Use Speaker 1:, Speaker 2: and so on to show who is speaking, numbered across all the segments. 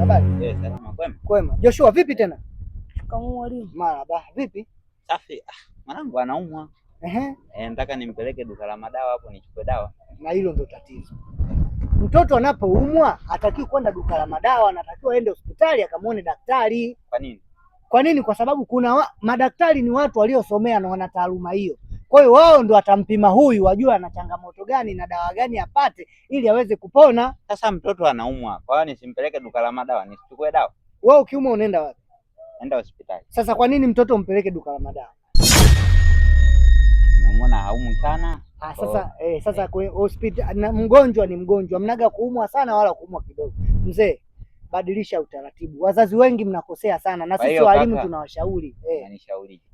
Speaker 1: habari? Mm.
Speaker 2: Eh, kwema.
Speaker 1: Kwema. Joshua vipi tena?
Speaker 3: Shikamoo mwalimu.
Speaker 1: Marhaba. Vipi?
Speaker 2: Safi. Ah, mwanangu anaumwa. Ehe. Eh, nataka nimpeleke duka la madawa hapo nichukue dawa.
Speaker 1: Na hilo ndo tatizo. Mtoto anapoumwa hatakiwi kwenda duka la madawa, anatakiwa aende hospitali akamwone daktari. Kwa nini? Kwa nini? Kwa sababu kuna wa... madaktari ni watu waliosomea na wana taaluma hiyo. Kwa hiyo wao ndo watampima huyu, wajua ana changamoto gani na dawa gani apate ili aweze kupona.
Speaker 2: Sasa mtoto anaumwa, kwa hiyo nisimpeleke duka la madawa, nisichukue dawa?
Speaker 1: Wewe ukiumwa unaenda wapi?
Speaker 2: Enda hospitali.
Speaker 1: Sasa kwa nini mtoto mpeleke duka la madawa?
Speaker 2: Namuona haumwi sana.
Speaker 1: Ah, sasa oh, eh, sasa eh, hospitali mgonjwa ni mgonjwa, mnaga kuumwa sana wala kuumwa kidogo, mzee badilisha utaratibu. Wazazi wengi mnakosea sana, na sisi walimu tunawashauri eh,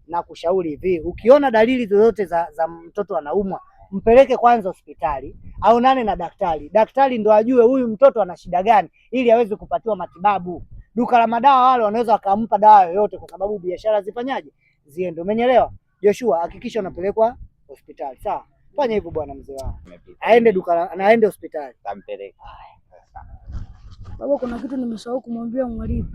Speaker 1: na kushauri hivi, ukiona dalili zozote za, za mtoto anaumwa mpeleke kwanza hospitali, nane na daktari. Daktari ndo ajue huyu mtoto ana shida gani, ili aweze kupatiwa matibabu. Duka la madawa wale wanaweza wakampa dawa yoyote, kwa sababu biashara zifanyaje, ziende. Umenyelewa Joshua? Hakikisha unapelekwa hospitali, sawa? Fanya hivyo bwana mzee wangu, aende duka na hospitali,
Speaker 2: tampeleka
Speaker 3: Baba, kuna kitu nimesahau kumwambia mwalimu.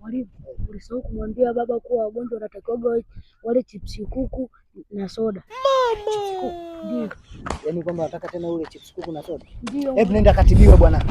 Speaker 3: Mwalimu, ulisahau kumwambia baba kuwa wagonjwa wanatakiwa wale chipsi kuku na soda.
Speaker 4: Mama. Ndio.
Speaker 1: Yaani kwamba nataka tena ule chipsi kuku na soda. Ndio. Hebu nenda katibiwe bwana.